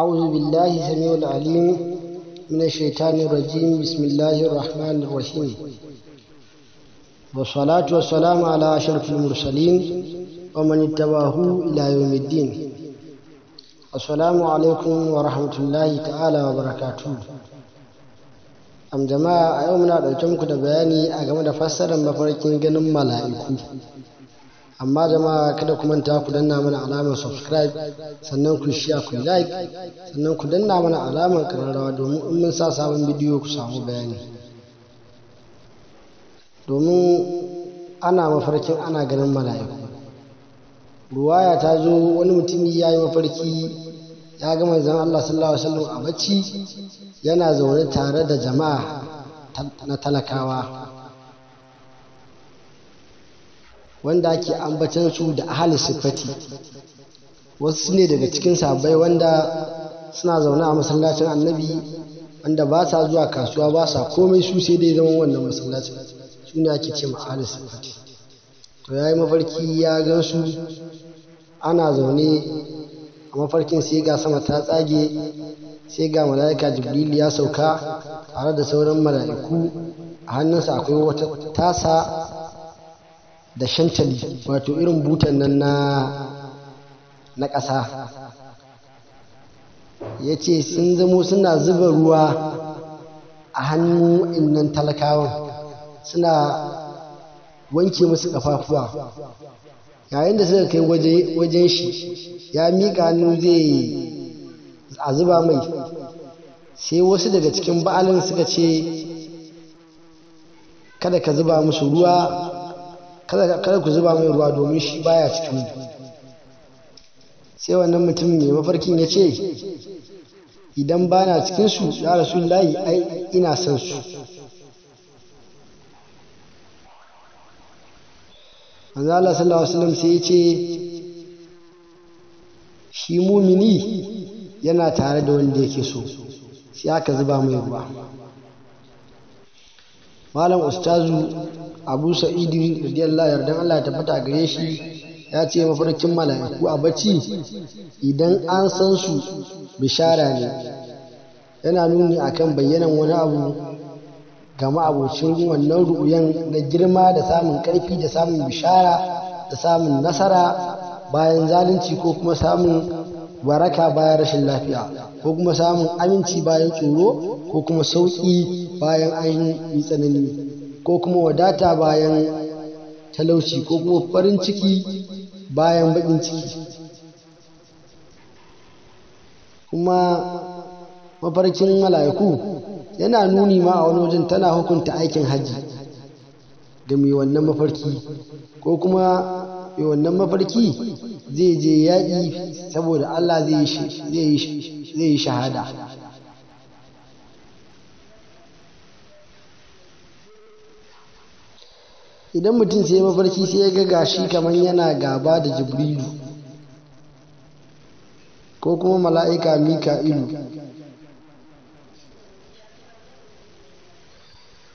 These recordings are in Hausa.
أعوذ بالله سميع العليم من الشيطان الرجيم بسم الله الرحمن الرحيم والصلاة والسلام على أشرف المرسلين ومن اتبعه إلى يوم الدين السلام عليكم ورحمة الله تعالى وبركاته أم جماعة a yau muna ɗauke muku da bayani a game amma jama'a kada ku manta ku danna mana alamar subscribe sannan ku share ku like sannan ku danna mana alamar kararrawa domin in mun sa sabon bidiyo ku samu bayani domin ana mafarkin ana ganin mala'iku ruwaya ta zo wani mutumi ya yi mafarki ya ga manzon Allah sallallahu alaihi wasallam a bacci yana zaune tare da jama'a na talakawa wanda ake ambatan su da ahali sifati wasu ne daga cikin sabai wanda suna zaune a masallacin annabi wanda ba sa zuwa kasuwa ba sa komai su sai dai zaman wannan masallacin su ne ake ce ahli sifati to ya yi mafarki ya gan su ana zaune a mafarkin sai ga sama ta tsage sai ga mala'ika jibril ya sauka tare da sauran mala'iku a hannunsa akwai wata tasa da shantali wato irin butan nan na ƙasa ya ce sun zamo suna zuba ruwa a hannu innan talakawan suna wanke musu ƙafafuwa yayin da suka kai wajen shi ya miƙa hannu zai a zuba mai sai wasu daga cikin ba'alin suka ce kada ka zuba musu ruwa kada ku zuba mai ruwa domin shi baya cikin sai wannan mutum mai mafarkin ya ce idan ba na cikinsu ya layi ai ina son su Allah sallallahu wasallam sai ya ce shi mumini yana tare da wanda yake so sai aka zuba mai ruwa malam ustazu abu sa'idi radiyallahu yardan Allah ya tabbata gare shi ya ce mafarkin mala'iku a bacci idan an san su bishara ne yana nuni akan bayyanan wani abu ga ma'abocin wannan ru'uyan na girma da samun ƙarfi da samun bishara da samun nasara bayan zalunci ko kuma samun waraka bayan rashin lafiya ko kuma samun aminci bayan tsoro ko kuma sauƙi bayan an tsanani ko kuma wadata bayan talauci ko kuma farin ciki bayan baƙin ciki kuma mafarkin mala'iku yana nuni ma a wani wajen tana hukunta aikin hajji ga mai wannan mafarki ko kuma mai wannan mafarki zai je yaƙi saboda allah zai yi shahada idan mutum sai mafarki sai ya ga gashi kamar yana gaba da jibrilu ko kuma mala'ika mika'ilu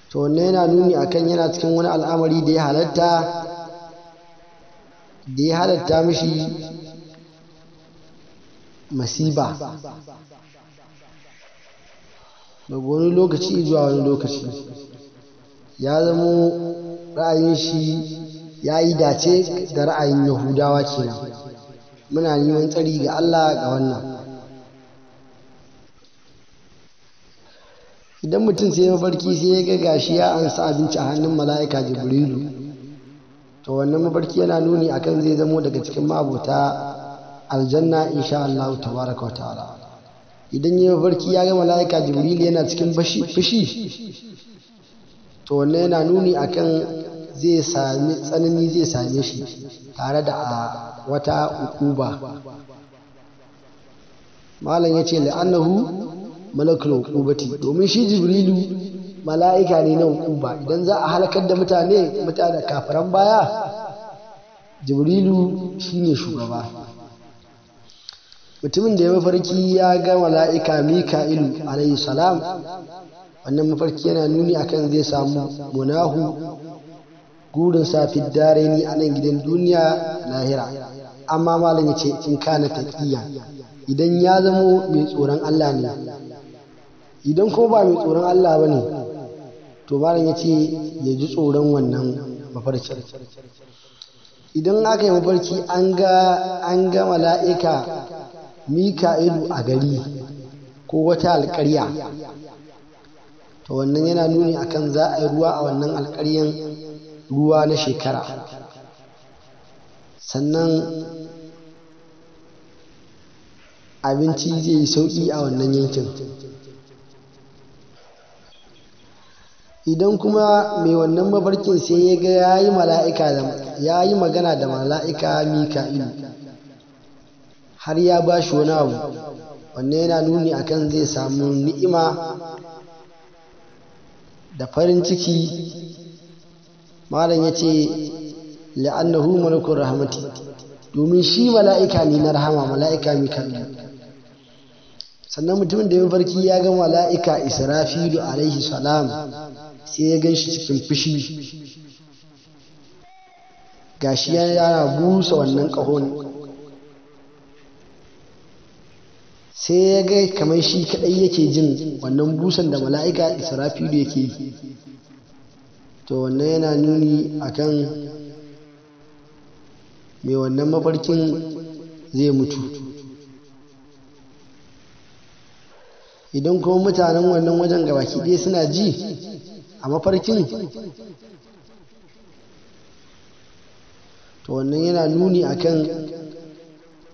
to wannan yana nuni akan yana cikin wani al'amari da ya halatta da ya halatta mishi masiba daga wani lokaci zuwa wani lokaci ya zamo ra'ayin shi ya yi dace da ra'ayin yahudawa kenan muna neman tsari ga allah ga wannan idan mutum sai mafarki sai ya ga gashi ya ansa abinci a hannun mala'ika jibrilu to wannan mafarki yana nuni akan zai zamo daga cikin mabota aljanna insha Allah tabaraka wa ta'ala idan ya mafarki ya ga mala'ika jibrilu yana cikin fushi to wannan yana nuni akan zai tsanani zai same shi tare da wata ukuba malam ya ce la'annahu malakul ukubati domin shi jibrilu mala'ika ne na ukuba idan za a halakar da mutane mutane kafiran baya jibrilu shine shugaba mutumin da ya mafarki ya ga mala'ika mika'ilu alayhi salam wannan mafarki yana nuni akan zai samu munahu burinsa fi ni a nan gidan duniya lahira amma malam ya ce in kana taqiya idan ya zamo mai tsoron Allah ne idan ko ba mai tsoron Allah bane, to malam ya ce ya ji tsoron wannan mafarki idan aka yi mafarki an ga an ga mala'ika mika'ilu a gari ko wata alƙarya to wannan yana nuni akan za a yi ruwa a wannan alƙaryan ruwa na shekara sannan abinci zai yi sauƙi a wannan yankin idan kuma mai wannan mafarkin sai ya ga ya yi mala'ika ya yi magana da mala'ika mika'ilu har ya ba shi wani abu wannan yana nuni akan zai samu ni'ima da farin ciki malam ya ce la'annahu malakun rahmati domin shi mala'ika ne na rahama mala'ika mika'ilu sannan mutumin da ya farki ya ga mala'ika israfilu alaihi salam sai ya gan shi cikin fushi gashi yana busa wannan ƙahon sai ya ga kamar shi kaɗai yake jin wannan busan da mala'ika israfilu yake yi to wannan yana nuni akan mai wannan mafarkin zai mutu idan kuma mutanen wannan wajen gabaki ɗaya suna ji a mafarkin to wannan yana nuni akan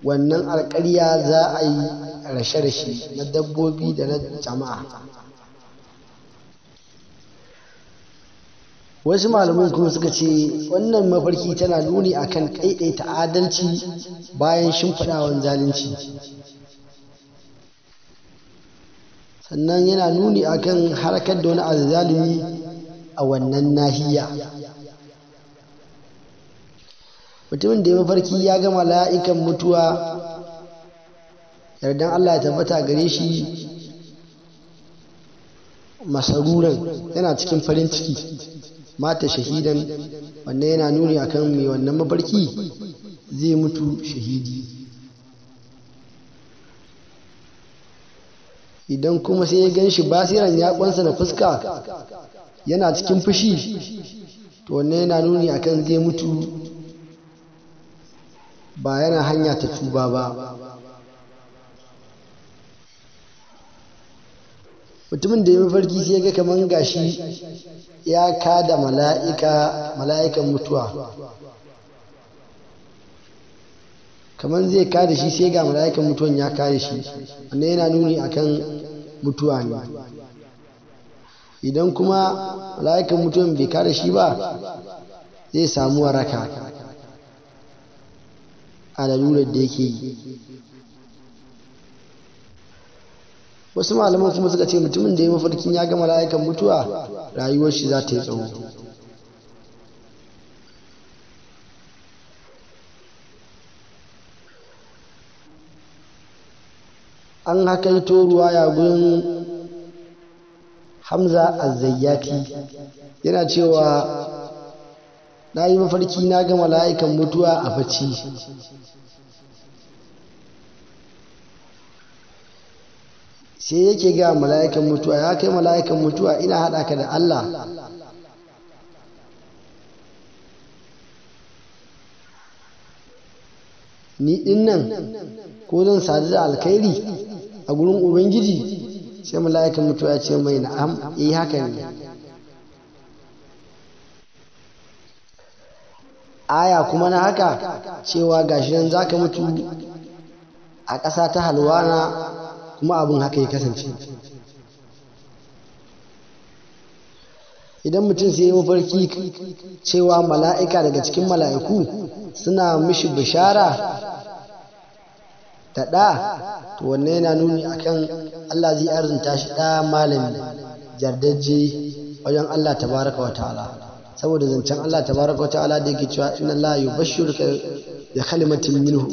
wannan alƙarya za a yi rashe-rashe na dabbobi da na jama'a wasu malamai kuma suka ce wannan mafarki tana nuni akan ɗaiɗaita adalci bayan shimfiɗawan zalunci sannan yana nuni akan harkar da wani azalimi a wannan nahiya mutumin da ya mafarki ya gama la'ikan mutuwa yardan allah ya tabbata gare shi masaruran yana cikin farin ciki mata shahidan wannan yana nuni akan mai wannan mafarki zai mutu shahidi idan kuma sai ya gan shi basiran ya kwansa na fuska yana cikin fushi to wannan yana nuni akan zai mutu ba yana hanya ta tuba ba mutumin da ya mafarki sai ga kamar gashi ya kada mala'ika mala'ikan mutuwa kamar zai kada shi sai ga mala'ikan mutuwan ya kada shi wannan yana nuni akan mutuwa ne idan kuma mala'ikan mutuwan bai kada shi ba zai samu waraka a lalurar da yake yi wasu malaman kuma suka ce mutumin da ya mafarkin ya gama layukan mutuwa rayuwar shi za ta yi tsawo an hakaito ruwa ya gun hamza azayyati yana cewa na yi mafarki na gama layukan mutuwa a bacci sai yake ga mala'ikan mutuwa ya kai mala'ikan mutuwa ina haɗa ka da Allah ni dinnan, ko zan sadu da alkhairi a gurin ubangiji sai mala'ikan mutuwa ya ce mai na'am yi eh, haka ne aya kuma na haka cewa gashi nan zaka mutu a ƙasa ta halwana kuma abin haka ya kasance idan mutum sai ya mafarki cewa mala'ika daga cikin mala'iku suna mishi bishara da ɗa to wanne yana nuni akan Allah zai arzinta shi ɗa malami jardajje wajen Allah tabaraka wa ta'ala saboda zancen Allah tabaraka wa ta'ala da yake cewa inna Allah bashi da kalimatin minhu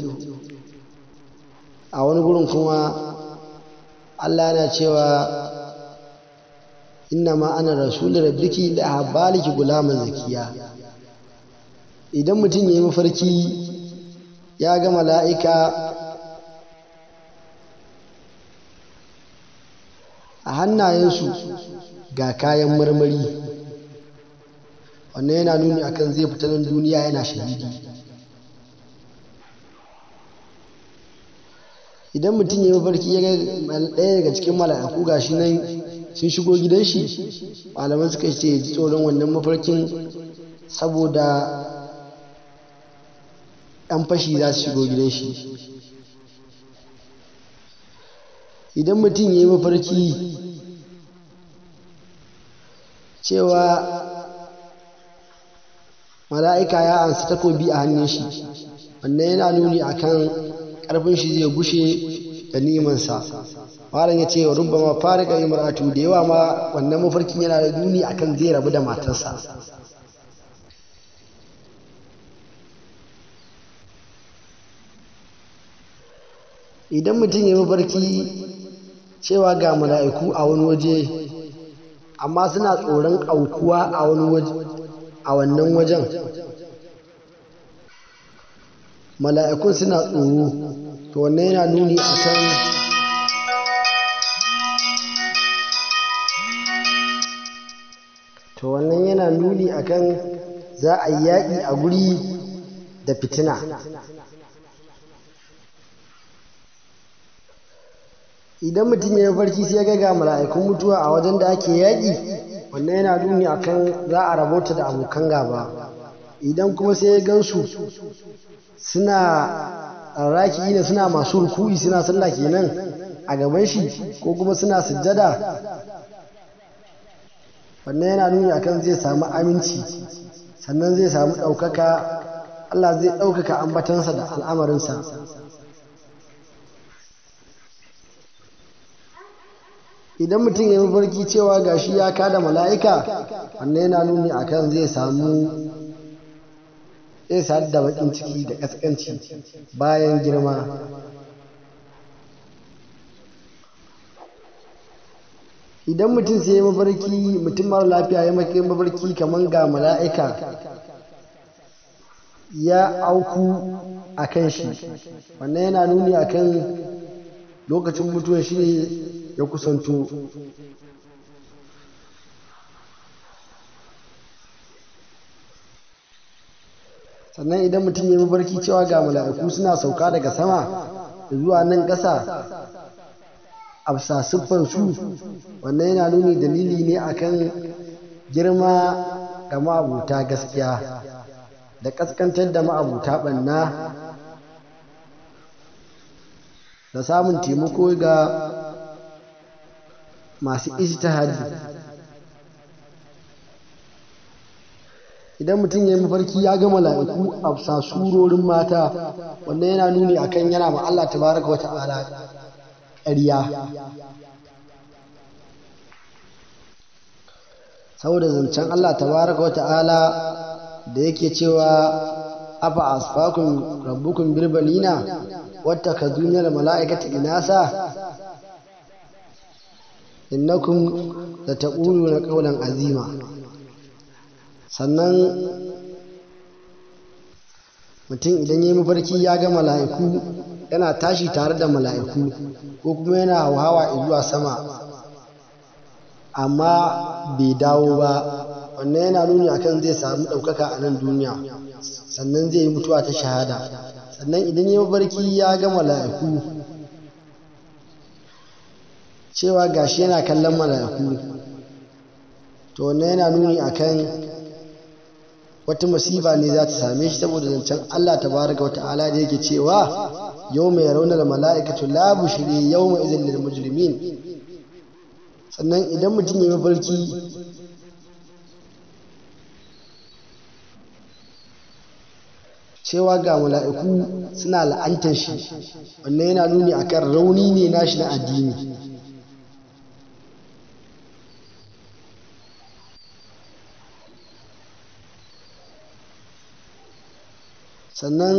a wani gurin kuma Allah yana cewa ma ana rasul rabbiki da habaliki gulaman zakiya idan mutum ya yi mafarki ya ga mala'ika a hannayensu ga kayan marmari wannan yana nuni akan zai fita nan duniya yana shahidi idan mutum ya mafarki ya ga ɗaya daga cikin mala'iku gashi nan sun shigo gidan shi malaman suka ce ya ji tsoron wannan mafarkin saboda ɗan fashi za su shigo gidan shi idan mutum ya mafarki cewa mala'ika ya ansa takobi a hannun shi wannan yana nuni akan karfin shi zai gushe da nimansa malam ya ce rubba ma farika imratu da yawa ma wannan mafarki yana da duni akan zai rabu da matarsa idan mutum ya mafarki cewa ga mala'iku a wani waje amma suna tsoron aukuwa a wannan wajen mala'ikun suna tsoro to wannan yana nuni a kan to wannan yana nuni a kan za a yaƙi a guri da fitina idan mutum ya yi farki sai ya ga mala'ikun mutuwa a wajen da ake yaƙi wannan yana nuni a kan za a rabota da abokan gaba idan kuma sai ya gansu suna raki ne suna masu ruku'i suna sallah kenan a gaban shi ko kuma suna sujjada wannan yana nuni akan zai samu aminci sannan zai samu ɗaukaka Allah zai ɗaukaka ambatansa da al'amarinsa idan mutum ya yi mafarki cewa gashi ya kada mala'ika wannan yana nuni akan zai samu zai sadu da baƙin ciki da ƙasƙanci bayan girma idan mutum sai ya mafarki mutum mara lafiya ya maka mafarki kamar ga mala'ika ya auku a kan shi wannan yana nuni a kan lokacin mutuwa shi ne ya kusanto sannan idan mutum ya yi mafarki cewa ga mala'iku suna sauka daga sama da zuwa nan ƙasa a bisa su wannan yana nuni dalili ne akan girma ga ma'abuta gaskiya da ƙaskantar da ma'abuta ɓanna da samun taimako ga masu ijtihadi idan mutum ya yi mafarki ya gama mala'iku a sasurorin mata wannan yana nuni akan yana ma Allah baraka wata ala ƙarya saboda zancen Allah tabaraka wata ala da yake cewa afa asfakum rabbukun birbalina wata ka duniyar mala'ikata inasa innakum da taɓuru na ƙaunar azima sannan mutum idan ya yi mafarki ya ga mala'iku yana tashi tare da mala'iku ko kuma yana hauhawa zuwa sama amma bai dawo ba wannan yana nuni akan zai samu ɗaukaka a nan duniya sannan zai yi mutuwa ta shahada sannan idan ya mafarki ya ga mala'iku cewa gashi yana kallon mala'iku to wannan yana nuni akan wata masifa ne za ta same shi saboda zancen Allah tabaraka wa ta'ala da yake cewa raunar mala'ika raunar mala'ikatu la bushri mai izin lil mujrimin sannan idan mutum ya mafarki cewa ga mala'iku suna la'antar shi wannan yana nuni akan rauni ne nashi na addini sannan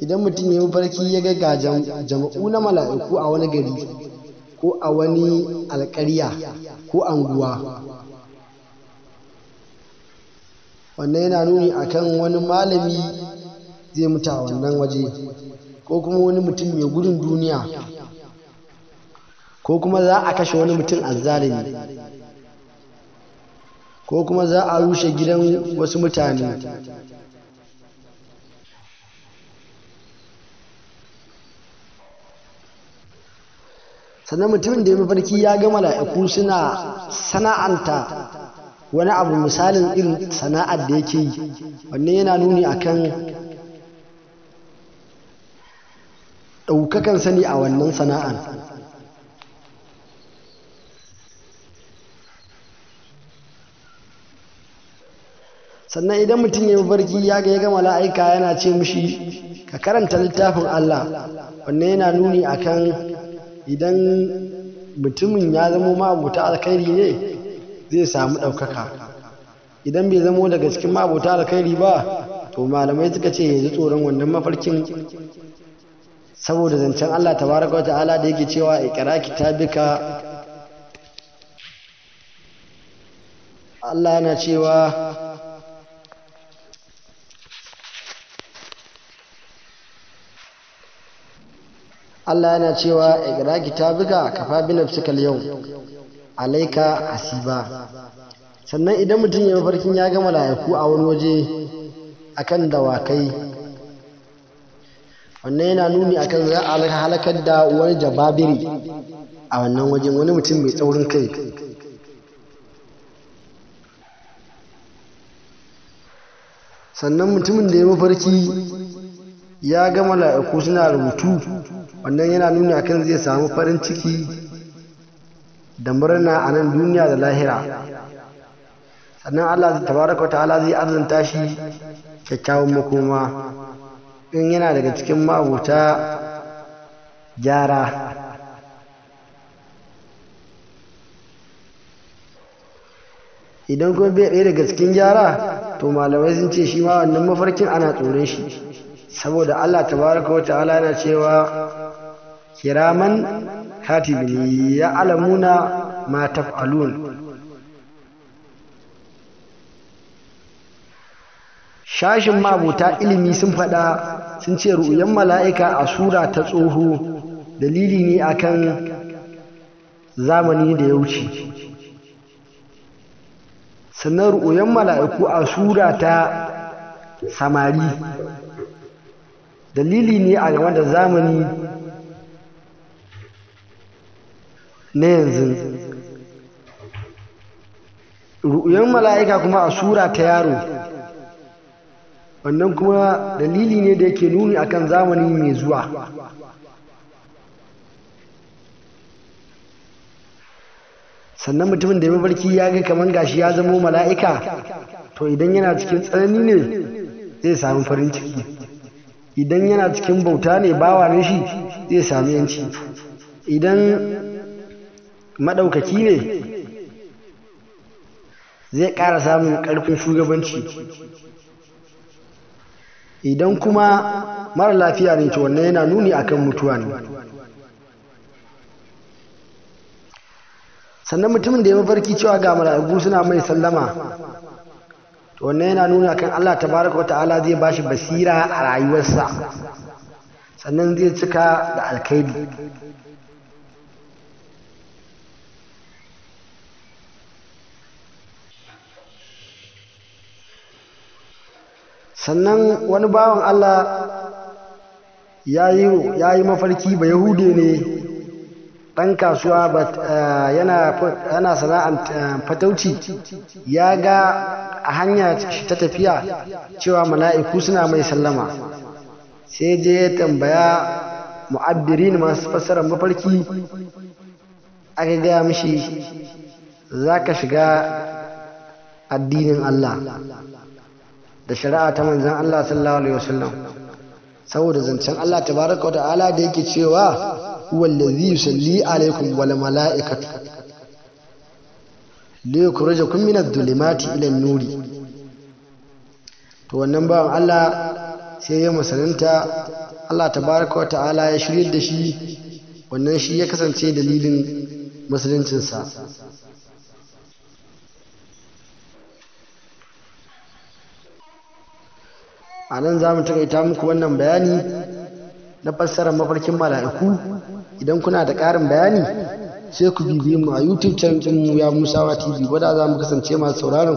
idan mutum ya yi mafarki, ya ga jama'u na mala'iku a wani gari ko a wani alƙarya ko anguwa wannan yana nuni akan wani malami zai mutu a wannan waje ko kuma wani mutum mai gudun duniya ko kuma za a kashe wani mutum azzalimi ko kuma za a rushe gidan wasu mutane sannan mutumin da ya mafarki ya ga mala'iku suna sana'anta wani abu misalin irin sana'ar da yake yi wannan yana nuni akan ɗaukakan sani a wannan sana'ar sannan idan mutum ya mafarki ya ga ya ga mala'ika yana ce mishi ka karanta littafin Allah wannan yana nuni akan idan mutumin ya zamo abota alkhairi ne zai samu ɗaukaka idan bai zamo daga cikin ma'abuta alkhairi ba to malamai suka ce ya ji tsoron wannan mafarkin saboda zancen Allah tabaraka wa ta'ala da yake cewa ikra kitabika Allah yana cewa Allah yana cewa igra kitabuka kafa bi nafsikal yau alaika hasiba sannan idan mutum ya mafarkin ya ga mala'iku a wani waje akan dawakai wannan yana nuni akan za a halakar da wani jababiri a wannan wajen wani mutum mai tsaurin kai sannan mutumin da ya mafarki ya gama la'aiku suna rubutu wannan yana nuna kan zai samu farin ciki da murna a nan duniya da lahira sannan Allah tabaraka wa ta'ala zai arzanta shi kyakkyawan makoma in yana daga cikin mabuta gyara idan kuma bai ɗaya daga cikin gyara to malamai sun ce shi ma wannan mafarkin ana tsoron shi saboda Allah tabaraka wa ta'ala yana cewa kiraman hatibin ya alamuna ma taf'alun shashin mabuta ilimi sun faɗa sun ce ru'yan mala'ika a sura ta tsoho dalili ne akan zamani da ya wuce sannan ru'yan mala'iku a sura ta samari dalili ne a game da zamani na yanzu ru'uyan mala'ika kuma a sura ta yaro wannan kuma dalili ne da yake nuni akan zamani mai zuwa sannan mutumin da ya mafarki ya ga kamar gashi ya zamo mala'ika to idan yana cikin tsanani ne zai sami farin ciki idan yana cikin bauta ne bawa ne shi zai sami yanci idan maɗaukaki ne zai ƙara samun ƙarfin shugabanci idan kuma mara lafiya ne to wannan yana nuni akan mutuwa ne sannan mutumin da ya mafarki cewa ga mala'iku suna mai sallama to wannan yana nuna kan Allah tabaraka ta'ala zai bashi basira a rayuwarsa sannan zai cika da alkhairi sannan wani bawan Allah ya yi mafarki ba yahude ne ɗan kasuwa eh, yana sana'an eh, fatauci ya ga a hanya ta tafiya cewa mala'iku suna mai sallama sai je ya tambaya mu'abbirin masu fassara mafarki aka gaya mishi za ka shiga addinin Allah da shari'a ta manzan Allah sallallahu alaihi wasallam saboda zancen Allah tabaraka wa ta'ala da yake cewa wallazi yusalli alaikum wal mala'ikatu li yukhrijakum min adh-dhulumati ila an-nuri to wannan ba Allah sai ya musulunta Allah tabaraka wa ta'ala ya shirye da shi wannan shi ya kasance dalilin musuluncinsa a nan za mu ita muku wannan bayani na fassarar mafarkin mala'iku idan kuna da ƙarin bayani sai ku bibiye mu a youtube channel mu ya musawa tv wadda za mu kasance masu sauraron